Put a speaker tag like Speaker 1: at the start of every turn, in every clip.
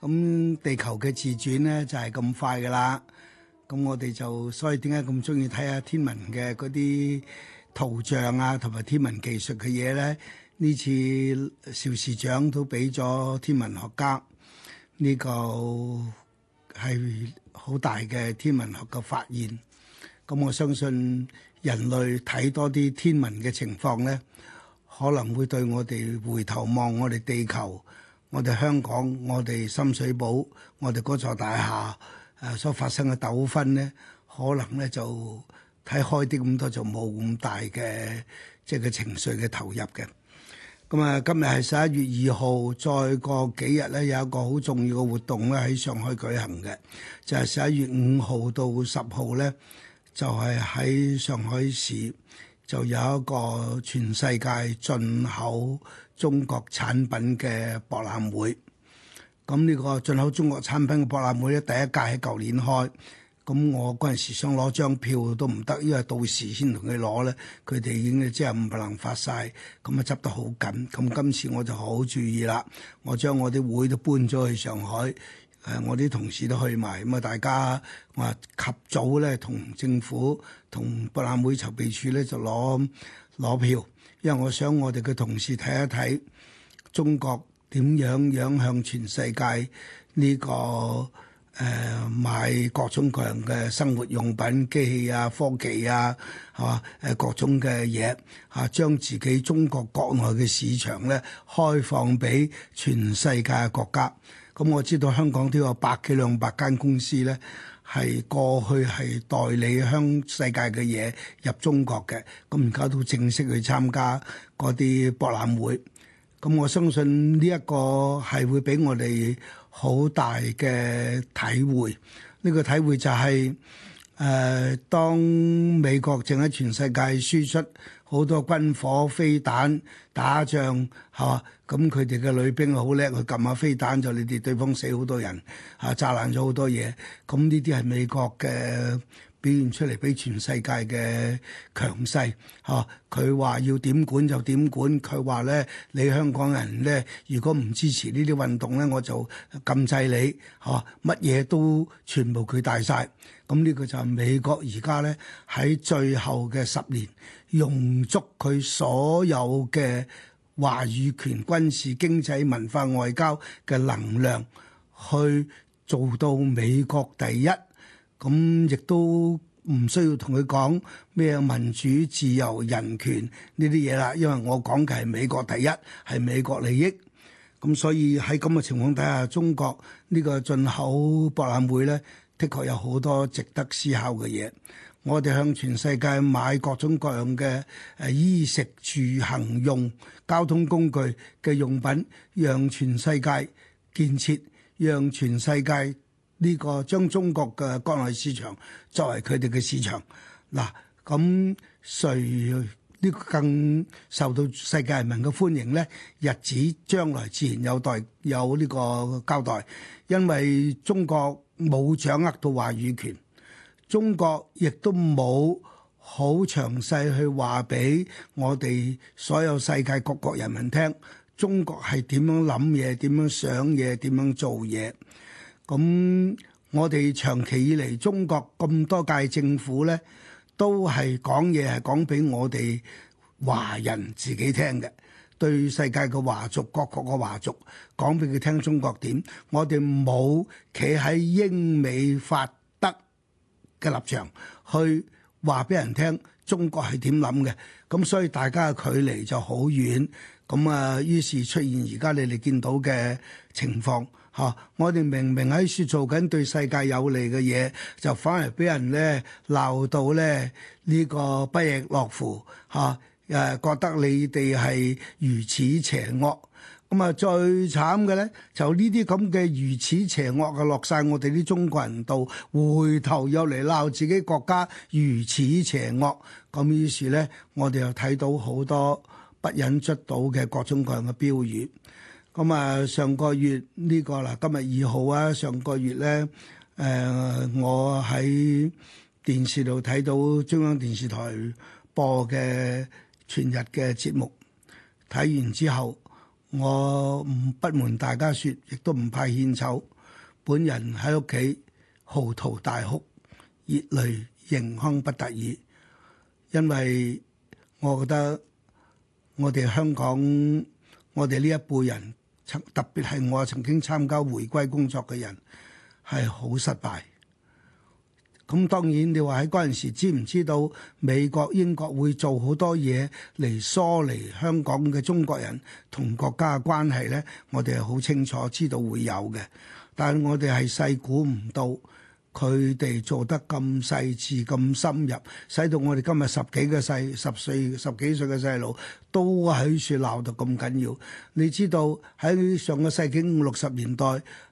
Speaker 1: 咁地球嘅自轉咧就係、是、咁快㗎喇，咁我哋就所以點解咁中意睇下天文嘅嗰啲圖像啊，同埋天文技術嘅嘢咧？呢次邵市長都俾咗天文學家呢個係好大嘅天文學嘅發現。咁我相信人類睇多啲天文嘅情況咧，可能會對我哋回頭望我哋地球。我哋香港，我哋深水埗，我哋嗰座大廈誒所發生嘅糾紛咧，可能咧就睇開啲咁多就，就冇咁大嘅即係嘅情緒嘅投入嘅。咁啊，今日係十一月二號，再過幾日咧有一個好重要嘅活動咧喺上海舉行嘅，就係十一月五號到十號咧，就係喺上海市就有一個全世界進口中國產品嘅博覽會，咁呢個進口中國產品嘅博覽會咧，第一屆喺舊年開，咁我嗰陣時想攞張票都唔得，因為到時先同佢攞咧，佢哋已經即係唔可能發晒，咁啊執得好緊，咁今次我就好注意啦，我將我啲會都搬咗去上海，誒我啲同事都去埋，咁啊大家話及早咧同政府同博覽會籌備處咧就攞攞票。因為我想我哋嘅同事睇一睇中國點樣樣向全世界呢、這個誒、呃、買各種各樣嘅生活用品、機器啊、科技啊，係嘛，誒各種嘅嘢嚇，將自己中國國內嘅市場咧開放俾全世界嘅國家。咁、嗯、我知道香港都有百幾兩百間公司咧。係過去係代理香世界嘅嘢入中國嘅，咁而家都正式去參加嗰啲博覽會，咁我相信呢一個係會俾我哋好大嘅體會。呢、這個體會就係、是、誒、呃，當美國正喺全世界輸出。好多軍火、飛彈、打仗，嚇咁佢哋嘅女兵好叻，佢撳下飛彈就你哋對方死好多人，嚇、啊、炸爛咗好多嘢。咁呢啲係美國嘅表現出嚟，俾全世界嘅強勢嚇。佢、啊、話要點管就點管，佢話咧你香港人咧，如果唔支持呢啲運動咧，我就禁制你嚇。乜、啊、嘢都全部佢帶晒。咁、啊、呢、這個就係美國而家咧喺最後嘅十年。用足佢所有嘅話語權、軍事、經濟、文化、外交嘅能量，去做到美國第一。咁亦都唔需要同佢講咩民主、自由、人權呢啲嘢啦，因為我講嘅係美國第一，係美國利益。咁所以喺咁嘅情況底下，中國呢個進口博覽會呢，的確有好多值得思考嘅嘢。我哋向全世界買各種各樣嘅誒衣食住行用交通工具嘅用品，讓全世界建設，讓全世界呢個將中國嘅國內市場作為佢哋嘅市場。嗱，咁誰呢個更受到世界人民嘅歡迎咧？日子將來自然有待有呢個交代，因為中國冇掌握到話語權。中國亦都冇好詳細去話俾我哋所有世界各國人民聽，中國係點樣諗嘢、點樣想嘢、點樣做嘢。咁我哋長期以嚟，中國咁多屆政府呢，都係講嘢係講俾我哋華人自己聽嘅，對世界嘅華族各國嘅華族講俾佢聽中國點。我哋冇企喺英美法嘅立場去話俾人聽中國係點諗嘅，咁所以大家嘅距離就好遠，咁啊於是出現而家你哋見到嘅情況嚇、啊。我哋明明喺説做緊對世界有利嘅嘢，就反而俾人咧鬧到咧呢、呢個不亦樂乎嚇，誒、啊啊、覺得你哋係如此邪惡。咁啊！最慘嘅咧，就呢啲咁嘅如此邪惡嘅落晒，我哋啲中國人度，回頭又嚟鬧自己國家如此邪惡。咁於是咧，我哋又睇到好多不忍卒睹嘅各種各樣嘅標語。咁、嗯、啊、這個，上個月呢個啦，今日二號啊，上個月咧，誒，我喺電視度睇到中央電視台播嘅全日嘅節目，睇完之後。我唔不瞞大家說，亦都唔怕獻醜，本人喺屋企嚎啕大哭，熱淚盈眶不得已。因為我覺得我哋香港，我哋呢一輩人，特別係我曾經參加回歸工作嘅人，係好失敗。咁當然，你話喺嗰陣時知唔知道美國、英國會做好多嘢嚟疏離香港嘅中國人同國家嘅關係咧？我哋係好清楚知道會有嘅，但係我哋係細估唔到。佢哋做得咁細緻、咁深入，使到我哋今日十幾個細、十歲、十幾歲嘅細路都喺處鬧到咁緊要。你知道喺上個世紀五六十年代，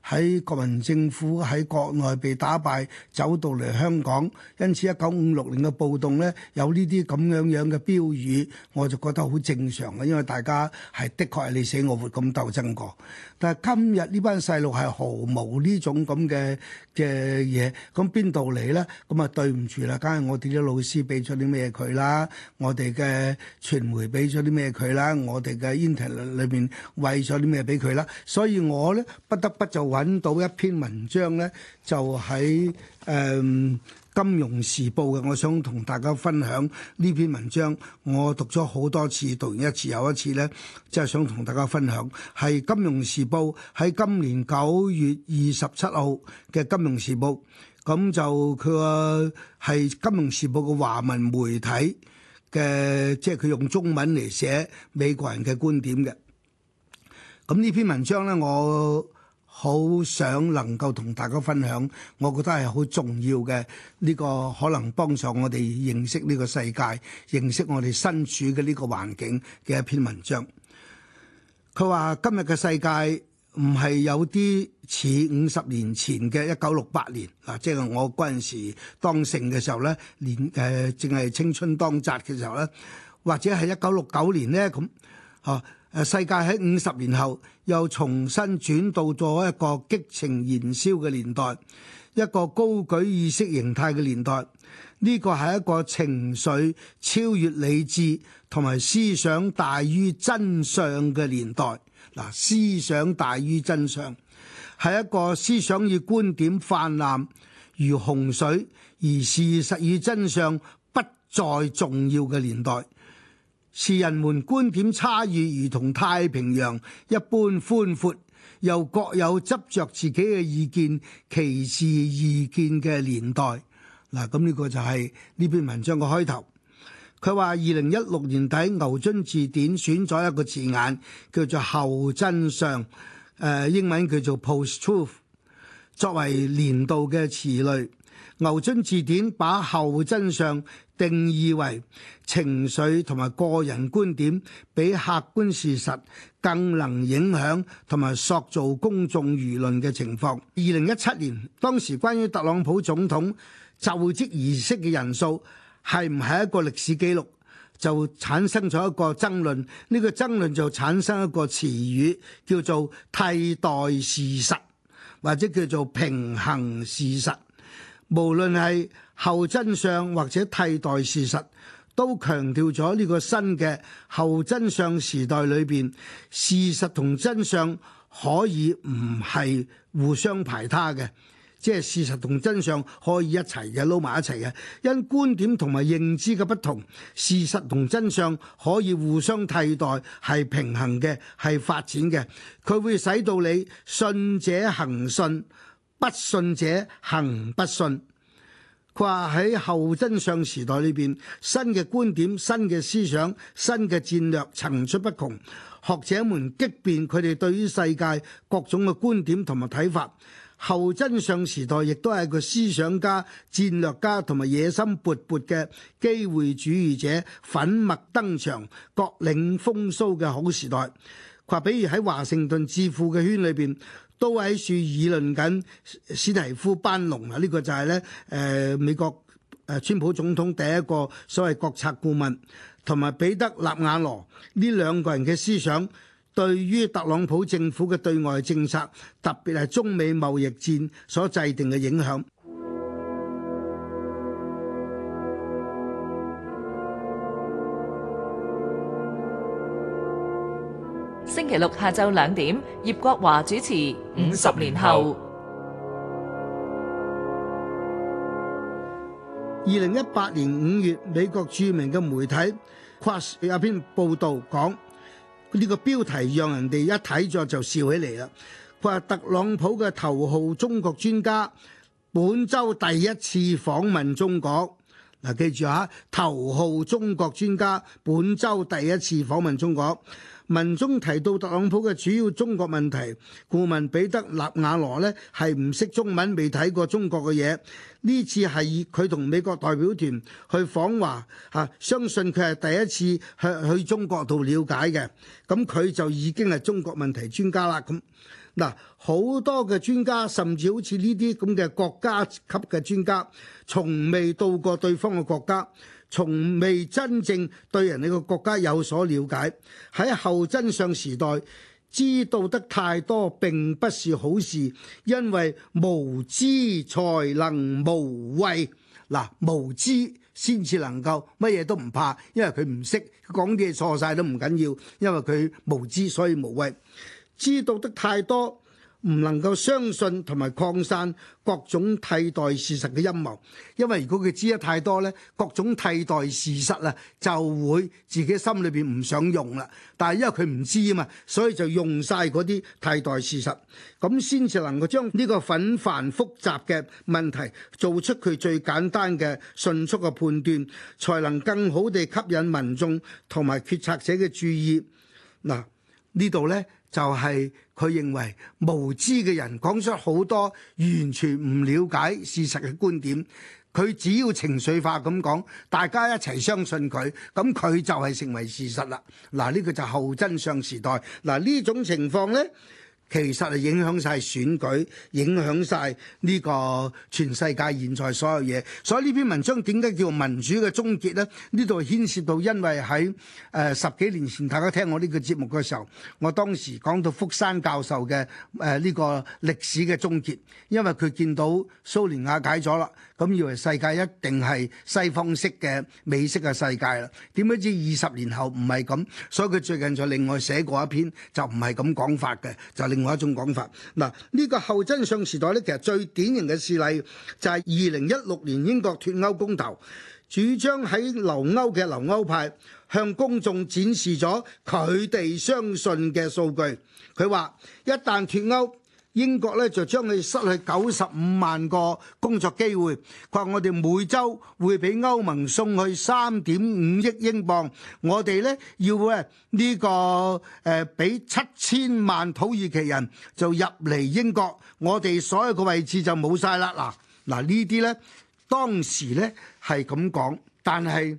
Speaker 1: 喺國民政府喺國內被打敗，走到嚟香港，因此一九五六年嘅暴動咧，有呢啲咁樣樣嘅標語，我就覺得好正常嘅，因為大家係的確係你死我活咁鬥爭過。但係今日呢班細路係毫無呢種咁嘅嘅嘢。咁邊度嚟咧？咁啊對唔住啦，梗係我哋啲老師俾咗啲咩佢啦，我哋嘅傳媒俾咗啲咩佢啦，我哋嘅 internet 裏面餵咗啲咩俾佢啦。所以我咧不得不就揾到一篇文章咧，就喺誒。嗯金融時報嘅，我想同大家分享呢篇文章。我讀咗好多次，讀完一次又一次呢，即係想同大家分享，係金融時報喺今年九月二十七號嘅金融時報。咁就佢話係金融時報嘅華文媒體嘅，即係佢用中文嚟寫美國人嘅觀點嘅。咁呢篇文章呢，我，好想能夠同大家分享，我覺得係好重要嘅呢、呢個可能幫助我哋認識呢個世界、認識我哋身處嘅呢個環境嘅一篇文章。佢話今日嘅世界唔係有啲似五十年前嘅一九六八年嗱，即係我嗰陣時當盛嘅時候咧，年誒、呃、正係青春當擲嘅時候咧，或者係一九六九年咧咁啊。誒，世界喺五十年後又重新轉到咗一個激情燃燒嘅年代，一個高舉意識形態嘅年代。呢個係一個情緒超越理智，同埋思想大於真相嘅年代。嗱，思想大於真相係一個思想與觀點泛濫如洪水，而事實與真相不再重要嘅年代。是人們觀點差異如同太平洋一般寬闊，又各有執着自己嘅意見，歧視意見嘅年代。嗱，咁呢個就係呢篇文章嘅開頭。佢話二零一六年底牛津字典選咗一個字眼，叫做後真相，誒，英文叫做 post-truth，作為年度嘅詞類。牛津字典把後真相定義為情緒同埋個人觀點比客觀事實更能影響同埋塑造公眾輿論嘅情況。二零一七年，當時關於特朗普總統就職儀式嘅人數係唔係一個歷史記錄，就產生咗一個爭論。呢個爭論就產生一個詞語叫做替代事實，或者叫做平衡事實。無論係後真相或者替代事實，都強調咗呢個新嘅後真相時代裏邊，事實同真相可以唔係互相排他嘅，即係事實同真相可以一齊嘅，撈埋一齊嘅。因觀點同埋認知嘅不同，事實同真相可以互相替代，係平衡嘅，係發展嘅。佢會使到你信者恒信。不信者行不信，佢話喺後真相時代裏邊，新嘅觀點、新嘅思想、新嘅戰略層出不窮，學者們激辯佢哋對於世界各種嘅觀點同埋睇法。後真相時代亦都係一個思想家、戰略家同埋野心勃勃嘅機會主義者粉墨登場、各領風騷嘅好時代。佢話，比如喺華盛頓智庫嘅圈裏邊。都喺處議論緊史史提夫班農嗱，呢個就係咧誒美國誒川普總統第一個所謂國策顧問，同埋彼得納瓦羅呢兩個人嘅思想，對於特朗普政府嘅對外政策，特別係中美貿易戰所制定嘅影響。星期六下晝兩點，葉國華主持《五十年後》年後。二零一八年五月，美國著名嘅媒體《Quash》有篇報道，講、這、呢個標題讓人哋一睇咗就笑起嚟啦。佢話特朗普嘅頭號中國專家本周第一次訪問中國。嗱，記住啊，頭號中國專家本周第一次訪問中國。文中提到特朗普嘅主要中國問題顧問彼得納瓦羅呢，係唔識中文，未睇過中國嘅嘢。呢次係佢同美國代表團去訪華，嚇、啊、相信佢係第一次去去中國度了解嘅。咁、啊、佢就已經係中國問題專家啦。咁、啊、嗱，好多嘅專家甚至好似呢啲咁嘅國家級嘅專家，從未到過對方嘅國家，從未真正對人哋個國家有所了解，喺後真相時代知道得太多並不是好事，因為無知才能無畏。嗱，無知先至能夠乜嘢都唔怕，因為佢唔識講嘢錯晒都唔緊要，因為佢無知所以無畏。知道得太多。唔能夠相信同埋擴散各種替代事實嘅陰謀，因為如果佢知得太多咧，各種替代事實啦就會自己心裏邊唔想用啦。但係因為佢唔知啊嘛，所以就用晒嗰啲替代事實，咁先至能夠將呢個紛繁複雜嘅問題做出佢最簡單嘅迅速嘅判斷，才能更好地吸引民眾同埋決策者嘅注意。嗱，呢度呢。就係佢認為無知嘅人講出好多完全唔了解事實嘅觀點，佢只要情緒化咁講，大家一齊相信佢，咁佢就係成為事實啦。嗱，呢個就後真相時代。嗱，呢種情況呢。其實係影響晒選舉，影響晒呢個全世界現在所有嘢，所以呢篇文章點解叫民主嘅終結呢？呢度牽涉到，因為喺誒十幾年前大家聽我呢個節目嘅時候，我當時講到福山教授嘅誒呢個歷史嘅終結，因為佢見到蘇聯瓦解咗啦。咁以為世界一定係西方式嘅美式嘅世界啦？點解知二十年後唔係咁？所以佢最近就另外寫過一篇，就唔係咁講法嘅，就另外一種講法。嗱，呢個後真相時代咧，其實最典型嘅事例就係二零一六年英國脱歐公投，主張喺留歐嘅留歐派向公眾展示咗佢哋相信嘅數據。佢話一旦脱歐，英國咧就將佢失去九十五萬個工作機會，佢話我哋每週會俾歐盟送去三點五億英鎊，我哋咧要咧呢個誒俾七千萬土耳其人就入嚟英國，我哋所有個位置就冇晒啦！嗱嗱呢啲咧當時咧係咁講，但係，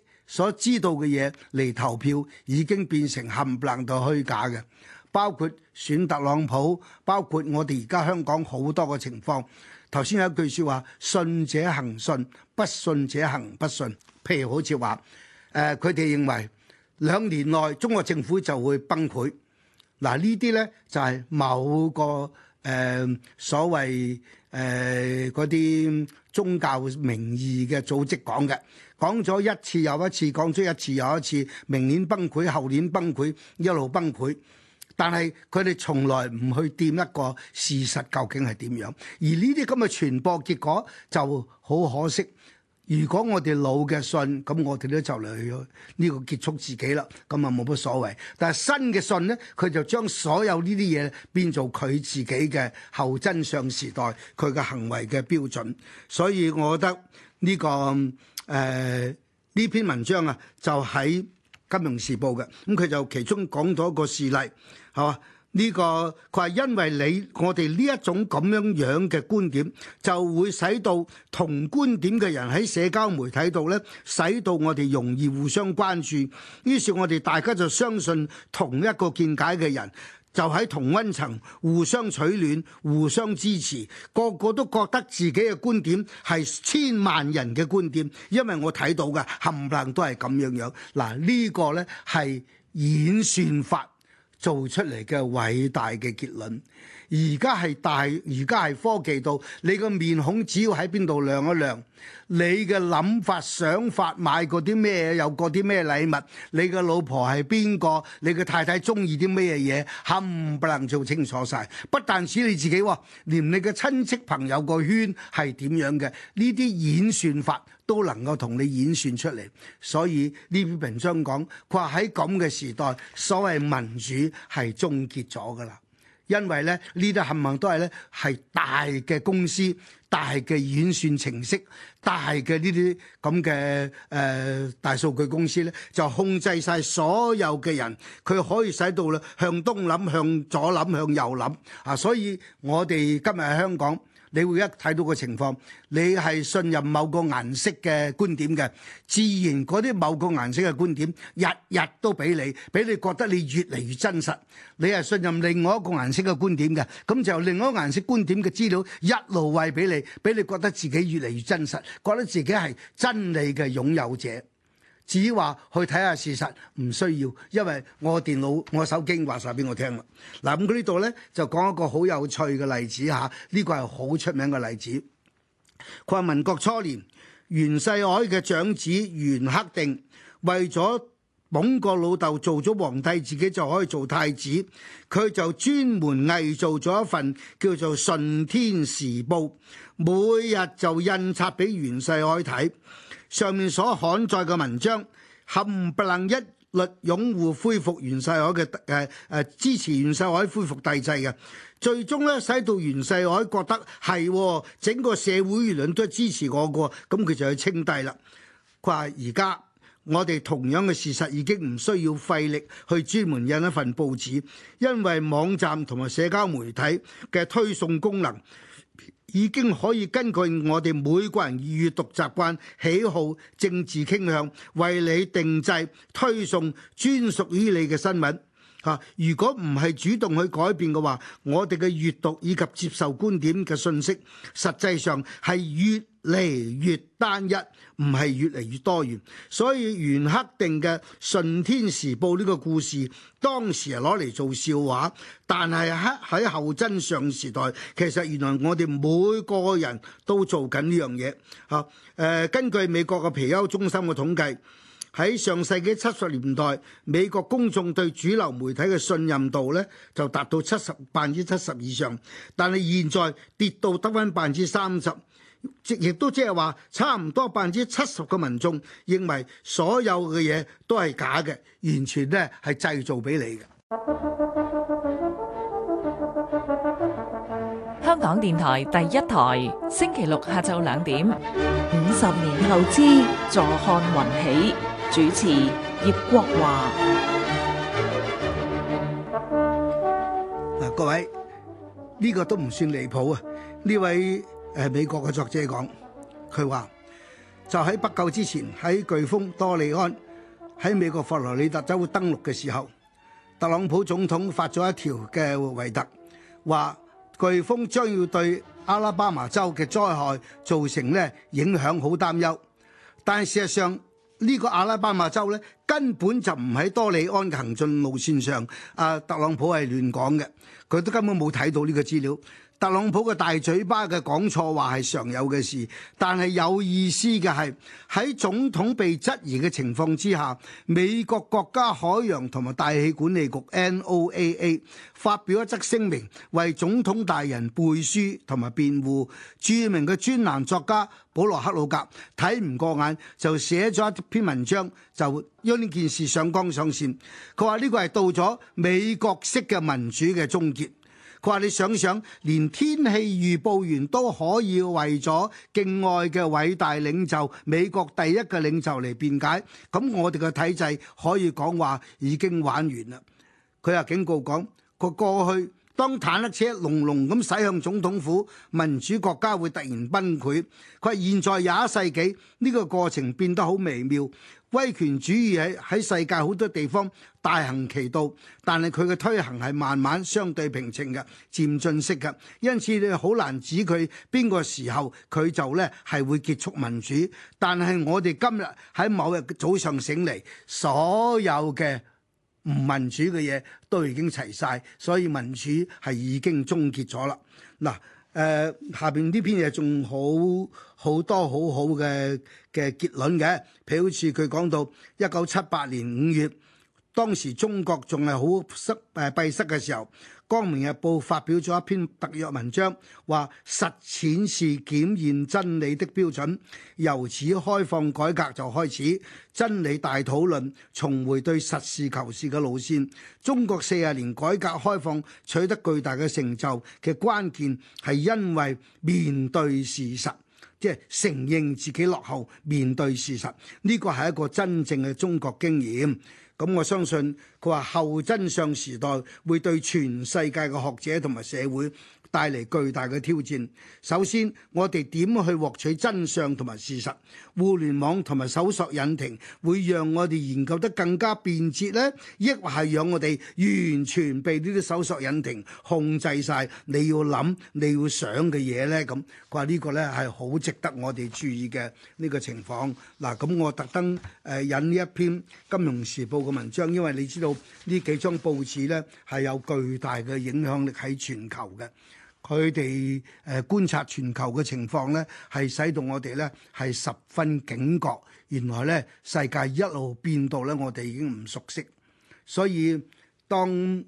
Speaker 1: 所知道嘅嘢嚟投票已經變成冚唪唥都虛假嘅，包括選特朗普，包括我哋而家香港好多個情況。頭先有一句說話，信者恆信，不信者恆不信。譬如好似話，誒、呃，佢哋認為兩年內中國政府就會崩潰，嗱、呃、呢啲咧就係、是、某個誒、呃、所謂誒嗰啲宗教名義嘅組織講嘅。講咗一次又一次，講咗一次又一次，明年崩潰，後年崩潰，一路崩潰。但係佢哋從來唔去掂一個事實究竟係點樣，而呢啲咁嘅傳播結果就好可惜。如果我哋老嘅信，咁我哋都就嚟去咗呢個結束自己啦。咁啊冇乜所謂。但係新嘅信呢，佢就將所有呢啲嘢變做佢自己嘅後真相時代，佢嘅行為嘅標準。所以我覺得呢個。誒呢、呃、篇文章啊，就喺《金融時報》嘅、嗯，咁佢就其中講咗一個事例，係嘛？呢、個佢話，因為你我哋呢一種咁樣樣嘅觀點，就會使到同觀點嘅人喺社交媒體度呢，使到我哋容易互相關注，於是我哋大家就相信同一個見解嘅人。就喺同溫層互相取暖、互相支持，個個都覺得自己嘅觀點係千萬人嘅觀點，因為我睇到嘅冚唪唥都係咁樣樣。嗱，呢個呢係演算法做出嚟嘅偉大嘅結論。而家係大，而家係科技到，你個面孔只要喺邊度亮一亮，你嘅諗法、想法、買過啲咩、有過啲咩禮物，你嘅老婆係邊個，你嘅太太中意啲咩嘢嘢，冚唪唥做清楚晒。不但止你自己喎，連你嘅親戚朋友個圈係點樣嘅，呢啲演算法都能夠同你演算出嚟。所以呢篇文章講，佢話喺咁嘅時代，所謂民主係終結咗㗎啦。因為咧，呢啲冚唪唥都係咧係大嘅公司、大嘅演算程式、大嘅呢啲咁嘅誒大數據公司咧，就控制晒所有嘅人，佢可以使到咧向東諗、向左諗、向右諗啊！所以我哋今日喺香港。你會一睇到個情況，你係信任某個顏色嘅觀點嘅，自然嗰啲某個顏色嘅觀點日日都俾你，俾你覺得你越嚟越真實。你係信任另外一個顏色嘅觀點嘅，咁就另外一個顏色觀點嘅資料一路餵俾你，俾你覺得自己越嚟越真實，覺得自己係真理嘅擁有者。只話去睇下事實，唔需要，因為我電腦我手機話晒俾我聽啦。嗱，咁佢呢度呢，就講一個好有趣嘅例子嚇，呢個係好出名嘅例子。佢話民國初年，袁世凱嘅長子袁克定為咗捧個老豆做咗皇帝，自己就可以做太子，佢就專門偽造咗一份叫做《順天時報》，每日就印刷俾袁世凱睇。上面所刊載嘅文章，冚唪唥一律擁護恢復袁世凱嘅誒誒，支持袁世凱恢復帝制嘅，最終咧使到袁世凱覺得係、哦，整個社會輿論都支持我個，咁佢就去稱帝啦。佢話：而家我哋同樣嘅事實已經唔需要費力去專門印一份報紙，因為網站同埋社交媒體嘅推送功能。已經可以根據我哋每個人閱讀習慣、喜好、政治傾向，為你定製推送專屬於你嘅新聞。嚇！如果唔係主動去改變嘅話，我哋嘅閱讀以及接受觀點嘅信息，實際上係越嚟越單一，唔係越嚟越多元。所以袁克定嘅《順天時報》呢、這個故事，當時係攞嚟做笑話，但係喺喺後真相時代，其實原來我哋每個人都做緊呢樣嘢。嚇！誒，根據美國嘅皮尤中心嘅統計。喺上世紀七十年代，美國公眾對主流媒體嘅信任度咧就達到七十百分之七十以上，但係現在跌到得返百分之三十，亦亦都即係話差唔多百分之七十嘅民眾認為所有嘅嘢都係假嘅，完全咧係製造俾你嘅。香港電台第一台，星期六下晝兩點，五十年後之坐看雲起。主持葉國華嗱，各位呢、這個都唔算離譜啊！呢位誒、呃、美國嘅作者講，佢話就喺不久之前喺颶風多利安喺美國佛羅里達州登陸嘅時候，特朗普總統發咗一條嘅維特，話颶風將要對阿拉巴馬州嘅災害造成咧影響，好擔憂。但事實上，呢個阿拉巴馬州咧根本就唔喺多利安嘅行進路線上，啊，特朗普係亂講嘅，佢都根本冇睇到呢個資料。特朗普嘅大嘴巴嘅講錯話係常有嘅事，但係有意思嘅係喺總統被質疑嘅情況之下，美國國家海洋同埋大氣管理局 NOAA 發表一則聲明為總統大人背書同埋辯護。著名嘅專欄作家保羅克魯格睇唔過眼，就寫咗一篇文章，就因呢件事上綱上線，佢話呢個係到咗美國式嘅民主嘅終結。佢話：你想想，連天氣預報員都可以為咗敬愛嘅偉大領袖、美國第一個領袖嚟辯解，咁我哋嘅體制可以講話已經玩完啦。佢又警告講：佢過去當坦克車隆隆咁駛向總統府，民主國家會突然崩潰。佢話現在廿一世紀呢個過程變得好微妙。威權主義喺世界好多地方大行其道，但係佢嘅推行係慢慢，相對平靜嘅、漸進式嘅，因此你好難指佢邊個時候佢就呢係會結束民主。但係我哋今日喺某日早上醒嚟，所有嘅唔民主嘅嘢都已經齊晒，所以民主係已經終結咗啦。嗱。誒、呃、下邊呢篇嘢仲好好多好好多好好嘅嘅結論嘅，譬如好似佢講到一九七八年五月，當時中國仲係好塞、誒、閉塞嘅時候。光明日報發表咗一篇特約文章，話實踐是檢驗真理的標準。由此開放改革就開始，真理大討論，重回對實事求是嘅路線。中國四十年改革開放取得巨大嘅成就嘅關鍵係因為面對事實，即係承認自己落後，面對事實，呢個係一個真正嘅中國經驗。咁我相信佢話後真相時代會對全世界嘅學者同埋社會，帶嚟巨大嘅挑戰。首先，我哋點去獲取真相同埋事實？互聯網同埋搜索引擎會讓我哋研究得更加便捷呢，抑或係讓我哋完全被呢啲搜索引擎控制晒？你要諗、你要想嘅嘢呢，咁佢話呢個呢係好值得我哋注意嘅呢個情況。嗱，咁我特登誒引呢一篇《金融時報》嘅文章，因為你知道呢幾張報紙呢係有巨大嘅影響力喺全球嘅。佢哋誒觀察全球嘅情況咧，係使到我哋咧係十分警覺。原來咧，世界一路變到咧，我哋已經唔熟悉。所以當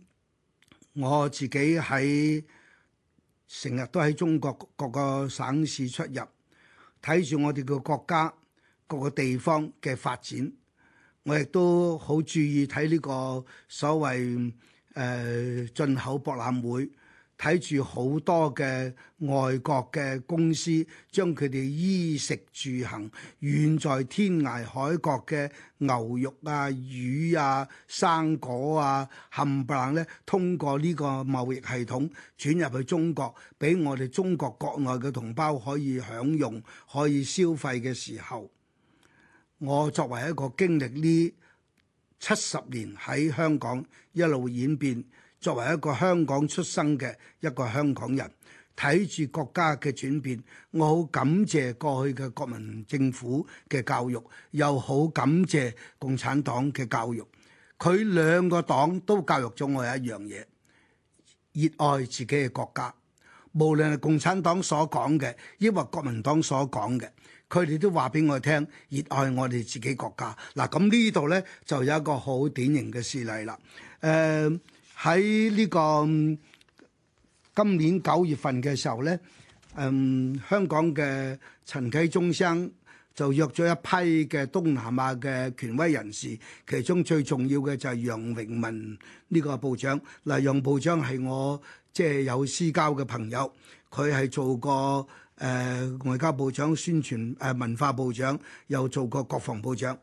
Speaker 1: 我自己喺成日都喺中國各個省市出入，睇住我哋嘅國家各個地方嘅發展，我亦都好注意睇呢個所謂誒、呃、進口博覽會。睇住好多嘅外國嘅公司，將佢哋衣食住行遠在天涯海角嘅牛肉啊、魚啊、生果啊、冚唪唥咧，通過呢個貿易系統轉入去中國，俾我哋中國國內嘅同胞可以享用、可以消費嘅時候，我作為一個經歷呢七十年喺香港一路演變。作為一個香港出生嘅一個香港人，睇住國家嘅轉變，我好感謝過去嘅國民政府嘅教育，又好感謝共產黨嘅教育。佢兩個黨都教育咗我一樣嘢：熱愛自己嘅國家。無論係共產黨所講嘅，抑或國民黨所講嘅，佢哋都話俾我聽熱愛我哋自己國家。嗱，咁呢度呢，就有一個好典型嘅事例啦。誒、呃。喺呢個今年九月份嘅時候咧，嗯，香港嘅陳啟宗生就約咗一批嘅東南亞嘅權威人士，其中最重要嘅就係楊榮文呢個部長。嗱，楊部長係我即係、就是、有私交嘅朋友，佢係做過誒外交部長、宣傳誒文化部長，又做過國防部長。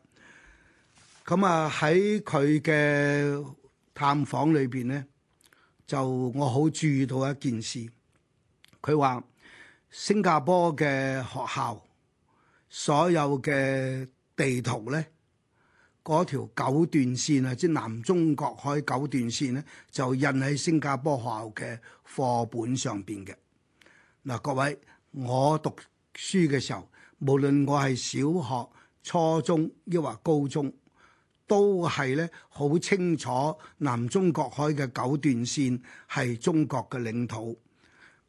Speaker 1: 咁啊，喺佢嘅探訪裏邊咧，就我好注意到一件事，佢話新加坡嘅學校所有嘅地圖咧，嗰條九段線啊，即係南中國海九段線咧，就印喺新加坡學校嘅課本上邊嘅。嗱，各位，我讀書嘅時候，無論我係小學、初中抑或高中。都係咧，好清楚南中國海嘅九段線係中國嘅領土。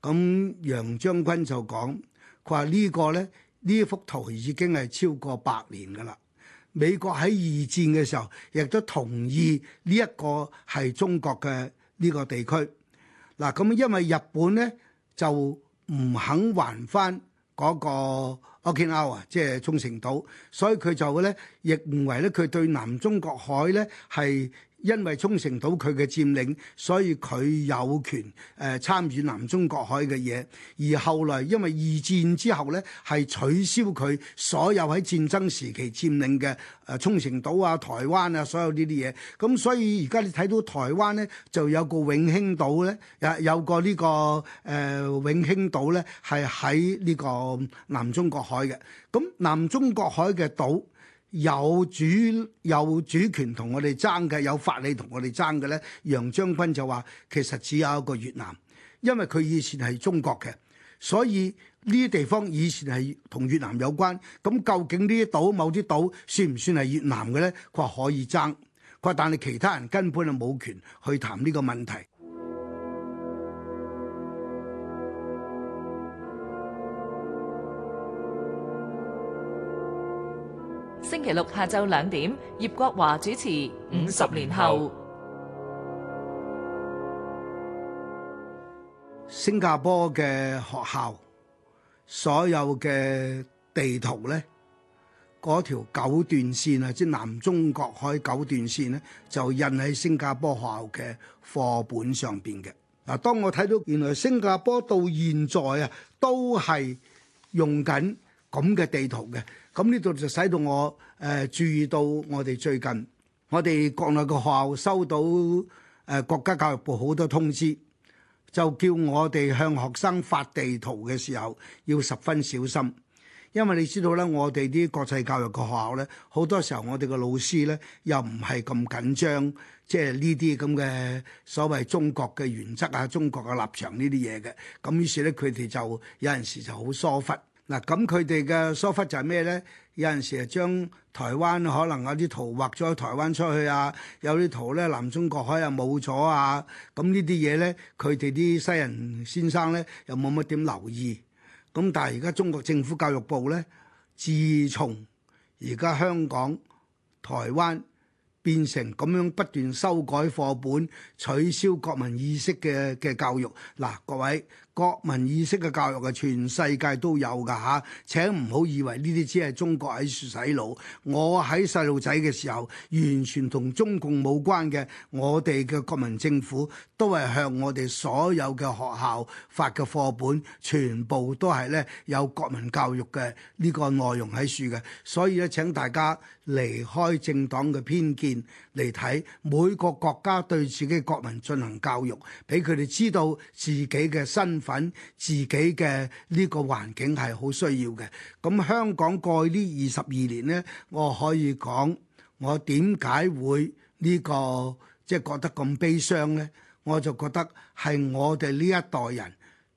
Speaker 1: 咁楊將軍就講，佢話呢個咧，呢幅圖已經係超過百年㗎喇。美國喺二戰嘅時候亦都同意呢一個係中國嘅呢個地區。嗱，咁因為日本咧就唔肯還返。嗰個 Okinawa 即係沖繩島，所以佢就咧，亦認為咧，佢對南中國海咧，係。因為沖繩島佢嘅佔領，所以佢有權誒參與南中國海嘅嘢。而後來因為二戰之後，呢係取消佢所有喺戰爭時期佔領嘅誒沖繩島啊、台灣啊所有呢啲嘢。咁所以而家你睇到台灣呢，就有個永興島呢，有有個呢個、這個誒、呃、永興島呢係喺呢個南中國海嘅。咁南中國海嘅島。有主有主權同我哋爭嘅，有法理同我哋爭嘅咧，楊將軍就話其實只有一個越南，因為佢以前係中國嘅，所以呢啲地方以前係同越南有關，咁究竟呢啲島某啲島算唔算係越南嘅咧？佢話可以爭，佢話但係其他人根本就冇權去談呢個問題。星期六下晝兩點，葉國華主持《五十年後》。新加坡嘅學校，所有嘅地圖咧，嗰條九段線啊，即係南中國海九段線咧，就印喺新加坡學校嘅課本上邊嘅。嗱，當我睇到原來新加坡到現在啊，都係用緊咁嘅地圖嘅。咁呢度就使到我誒、呃、注意到我哋最近，我哋國內嘅學校收到誒、呃、國家教育部好多通知，就叫我哋向學生發地圖嘅時候要十分小心，因為你知道咧，我哋啲國際教育嘅學校咧，好多時候我哋嘅老師咧又唔係咁緊張，即係呢啲咁嘅所謂中國嘅原則啊、中國嘅立場呢啲嘢嘅，咁於是咧佢哋就有陣時就好疏忽。嗱，咁佢哋嘅疏忽就係咩呢？有陣時啊，將台灣可能有啲圖畫咗台灣出去啊，有啲圖呢，南中國海又冇咗啊，咁呢啲嘢呢，佢哋啲西人先生呢，又冇乜點留意。咁但係而家中國政府教育部呢，自從而家香港、台灣變成咁樣不斷修改課本、取消國民意識嘅嘅教育，嗱，各位。國民意識嘅教育係全世界都有㗎吓，請唔好以為呢啲只係中國喺度洗腦。我喺細路仔嘅時候，完全同中共冇關嘅，我哋嘅國民政府都係向我哋所有嘅學校發嘅課本，全部都係咧有國民教育嘅呢個內容喺度嘅，所以咧請大家離開政黨嘅偏見。嚟睇每個國家對自己國民進行教育，俾佢哋知道自己嘅身份、自己嘅呢個環境係好需要嘅。咁香港過去呢二十二年呢，我可以講我點解會呢、這個即係、就是、覺得咁悲傷呢？我就覺得係我哋呢一代人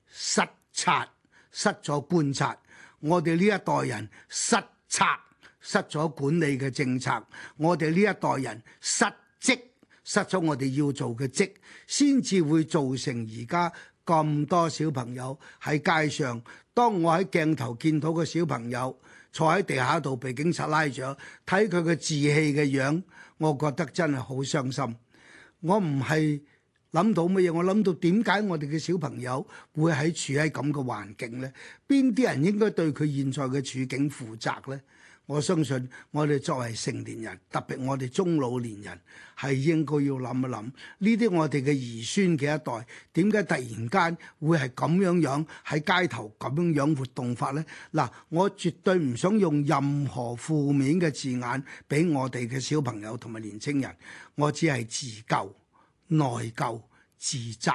Speaker 1: 失察，失咗觀察。我哋呢一代人失察。失咗管理嘅政策，我哋呢一代人失職，失咗我哋要做嘅職，先至會造成而家咁多小朋友喺街上。當我喺鏡頭見到個小朋友坐喺地下度被警察拉咗，睇佢嘅稚氣嘅樣，我覺得真係好傷心。我唔係諗到乜嘢，我諗到點解我哋嘅小朋友會喺處喺咁嘅環境咧？邊啲人應該對佢現在嘅處境負責咧？我相信我哋作為成年人，特別我哋中老年人，係應該要諗一諗呢啲我哋嘅兒孫嘅一代點解突然間會係咁樣樣喺街頭咁樣樣活動法呢？嗱，我絕對唔想用任何負面嘅字眼俾我哋嘅小朋友同埋年青人，我只係自救、內疚、自責。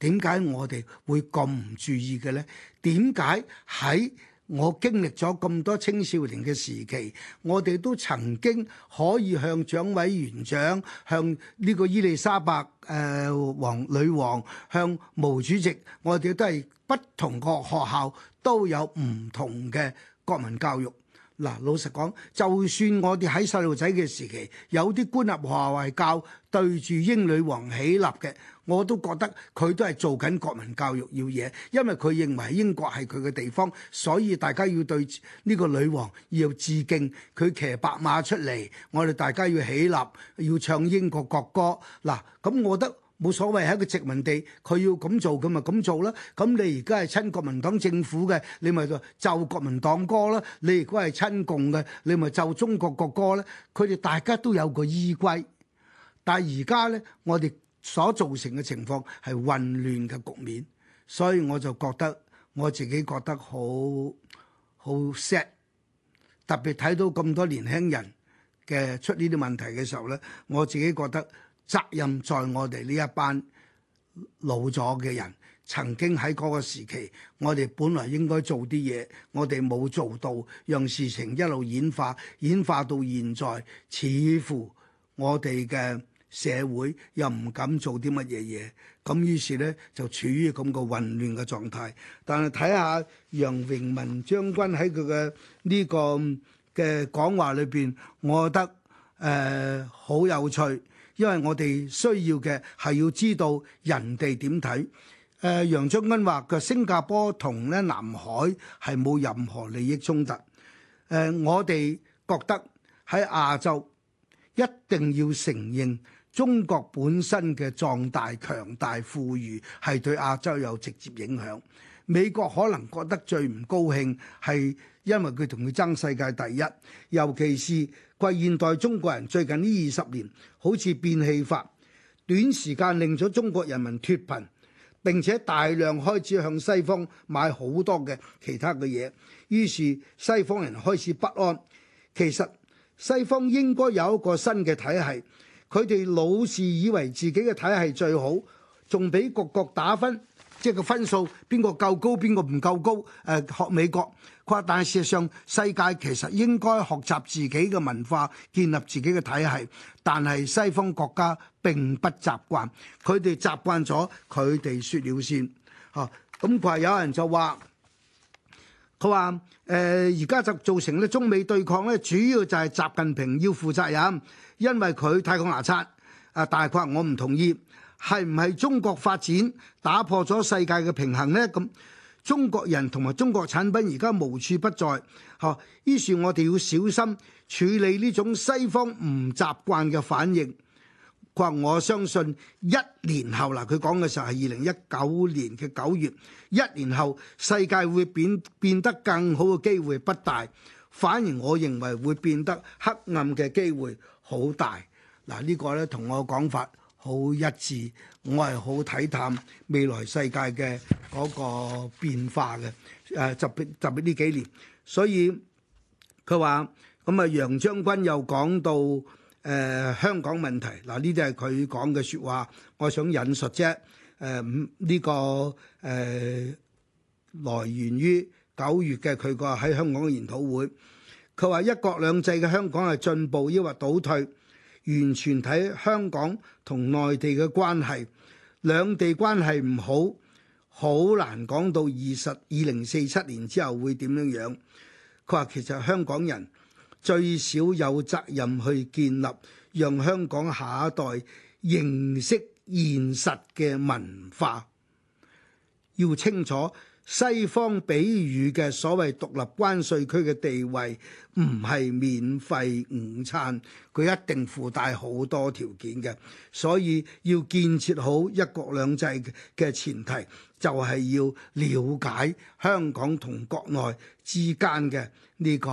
Speaker 1: 點解我哋會咁唔注意嘅呢？點解喺？我經歷咗咁多青少年嘅時期，我哋都曾經可以向蔣委員長、向呢個伊麗莎白誒、呃、王女王、向毛主席，我哋都係不同個學校都有唔同嘅國民教育。嗱，老實講，就算我哋喺細路仔嘅時期，有啲官立學校教對住英女王起立嘅，我都覺得佢都係做緊國民教育要嘢，因為佢認為英國係佢嘅地方，所以大家要對呢個女王要致敬，佢騎白馬出嚟，我哋大家要起立，要唱英國國歌。嗱，咁我覺得。冇所謂，係一個殖民地，佢要咁做嘅咪咁做啦。咁你而家係親國民黨政府嘅，你咪就，就，就國民黨歌啦；你如果係親共嘅，你咪就，就，就中國國歌咧。佢哋大家都有個依歸，但係而家咧，我哋所造成嘅情況係混亂嘅局面，所以我就覺得我自己覺得好好 sad，特別睇到咁多年輕人嘅出呢啲問題嘅時候咧，我自己覺得。責任在我哋呢一班老咗嘅人，曾經喺嗰個時期，我哋本來應該做啲嘢，我哋冇做到，讓事情一路演化，演化到現在，似乎我哋嘅社會又唔敢做啲乜嘢嘢，咁於是呢，就處於咁個混亂嘅狀態。但係睇下楊榮文將軍喺佢嘅呢個嘅講話裏邊，我覺得誒好、呃、有趣。因為我哋需要嘅係要知道人哋點睇。誒、呃、楊章恩話嘅新加坡同咧南海係冇任何利益衝突。誒、呃、我哋覺得喺亞洲一定要承認中國本身嘅壯大、強大、富裕係對亞洲有直接影響。美國可能覺得最唔高興係因為佢同佢爭世界第一，尤其是貴現代中國人最近呢二十年好似變戲法，短時間令咗中國人民脫貧，並且大量開始向西方買好多嘅其他嘅嘢，於是西方人開始不安。其實西方應該有一個新嘅體系，佢哋老是以為自己嘅體系最好，仲俾各國打分。即係個分數，邊個夠高，邊個唔夠高？誒、呃，學美國，佢話，但係事實上，世界其實應該學習自己嘅文化，建立自己嘅體系。但係西方國家並不習慣，佢哋習慣咗，佢哋説了算。嚇、啊，咁佢話有人就話，佢話誒，而、呃、家就造成咧中美對抗咧，主要就係習近平要負責任，因為佢太過牙刷。啊，但係佢話我唔同意。係唔係中國發展打破咗世界嘅平衡呢？咁中國人同埋中國產品而家無處不在，嗬、啊！於是我哋要小心處理呢種西方唔習慣嘅反應。佢話我相信一年後嗱，佢講嘅時候係二零一九年嘅九月，一年後世界會變變得更好嘅機會不大，反而我認為會變得黑暗嘅機會好大。嗱、啊，這個，呢個咧同我講法好一致，我係好睇淡未來世界嘅嗰個變化嘅，誒特別特別呢幾年，所以佢話咁啊，楊將軍又講到誒、呃、香港問題，嗱呢啲係佢講嘅説話，我想引述啫，誒、呃、呢、呢個誒、呃、來源於九月嘅佢個喺香港嘅研討會，佢話一國兩制嘅香港係進步抑或倒退？完全睇香港同內地嘅關係，兩地關係唔好，好難講到二十、二零四七年之後會點樣樣。佢話其實香港人最少有責任去建立，讓香港下一代認識現實嘅文化，要清楚。西方比喻嘅所謂獨立關稅區嘅地位，唔係免費午餐，佢一定附帶好多條件嘅。所以要建設好一國兩制嘅前提，就係要了解香港同國內之間嘅呢個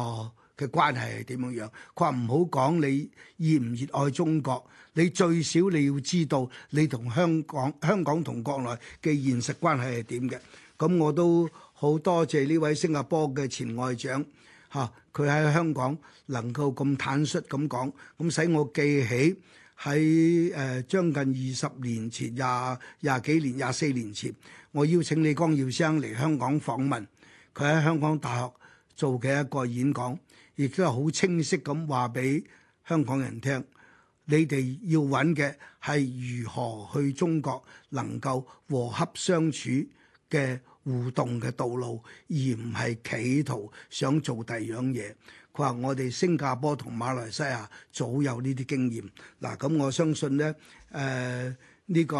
Speaker 1: 嘅關係係點樣樣。佢話唔好講，你熱唔熱愛中國，你最少你要知道你同香港、香港同國內嘅現實關係係點嘅。咁我都好多謝呢位新加坡嘅前外長，嚇佢喺香港能夠咁坦率咁講，咁使我記起喺誒將近二十年前，廿廿幾年，廿四年前，我邀請李光耀生嚟香港訪問，佢喺香港大學做嘅一個演講，亦都係好清晰咁話俾香港人聽，你哋要揾嘅係如何去中國能夠和洽相處嘅。互動嘅道路，而唔係企圖想做第二樣嘢。佢話：我哋新加坡同馬來西亞早有呢啲經驗。嗱，咁我相信咧，誒、呃、呢個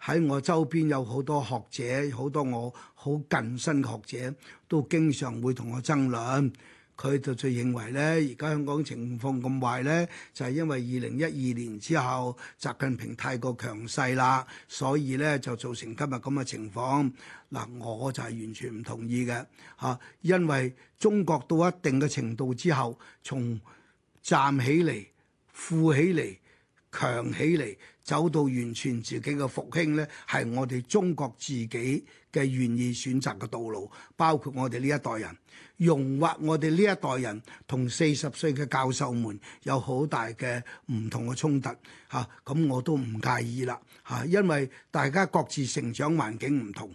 Speaker 1: 喺我周邊有好多學者，好多我好近身嘅學者，都經常會同我爭論。佢就就認為咧，而家香港情況咁壞咧，就係、是、因為二零一二年之後習近平太過強勢啦，所以咧就造成今日咁嘅情況。嗱，我就係完全唔同意嘅嚇、啊，因為中國到一定嘅程度之後，從站起嚟、富起嚟、強起嚟。走到完全自己嘅復興呢，係我哋中國自己嘅願意選擇嘅道路，包括我哋呢一代人，容或我哋呢一代人同四十歲嘅教授們有好大嘅唔同嘅衝突嚇，咁、啊、我都唔介意啦嚇、啊，因為大家各自成長環境唔同，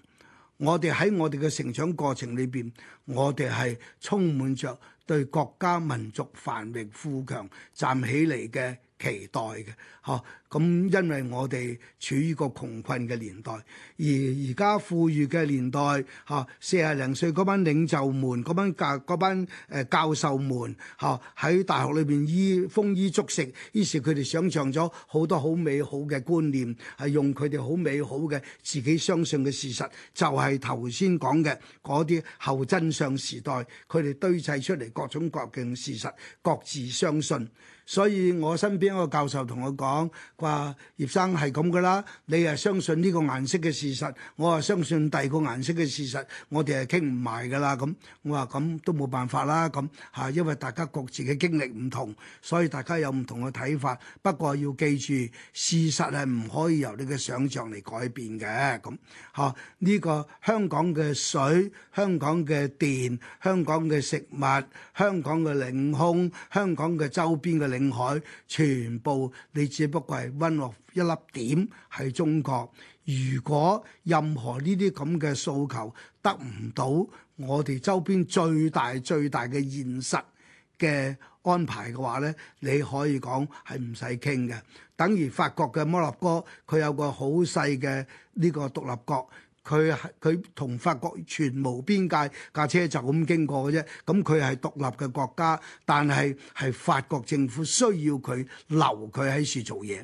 Speaker 1: 我哋喺我哋嘅成長過程裏邊，我哋係充滿着對國家民族繁榮富強站起嚟嘅期待嘅嚇。啊咁因為我哋處於一個窮困嘅年代，而而家富裕嘅年代，嚇四廿零歲嗰班領袖們，嗰班教班誒教授們，嚇喺大學裏邊衣豐衣足食，於是佢哋想象咗好多好美好嘅觀念，係用佢哋好美好嘅自己相信嘅事實，就係頭先講嘅嗰啲後真相時代，佢哋堆砌出嚟各種各樣嘅事實，各自相信。所以我身邊一個教授同我講。話葉生係咁噶啦，你係相信呢個顏色嘅事實，我係相信第二個顏色嘅事實，我哋係傾唔埋噶啦咁。我話咁都冇辦法啦咁吓，因為大家各自嘅經歷唔同，所以大家有唔同嘅睇法。不過要記住，事實係唔可以由你嘅想像嚟改變嘅咁吓。呢個香港嘅水、香港嘅電、香港嘅食物、香港嘅領空、香港嘅周邊嘅領海，全部你只不過係。温羅一粒點係中國。如果任何呢啲咁嘅訴求得唔到我哋周邊最大最大嘅現實嘅安排嘅話呢，你可以講係唔使傾嘅。等於法國嘅摩納哥，佢有個好細嘅呢個獨立國，佢係佢同法國全無邊界，架車就咁經過嘅啫。咁佢係獨立嘅國家，但係係法國政府需要佢留佢喺處做嘢。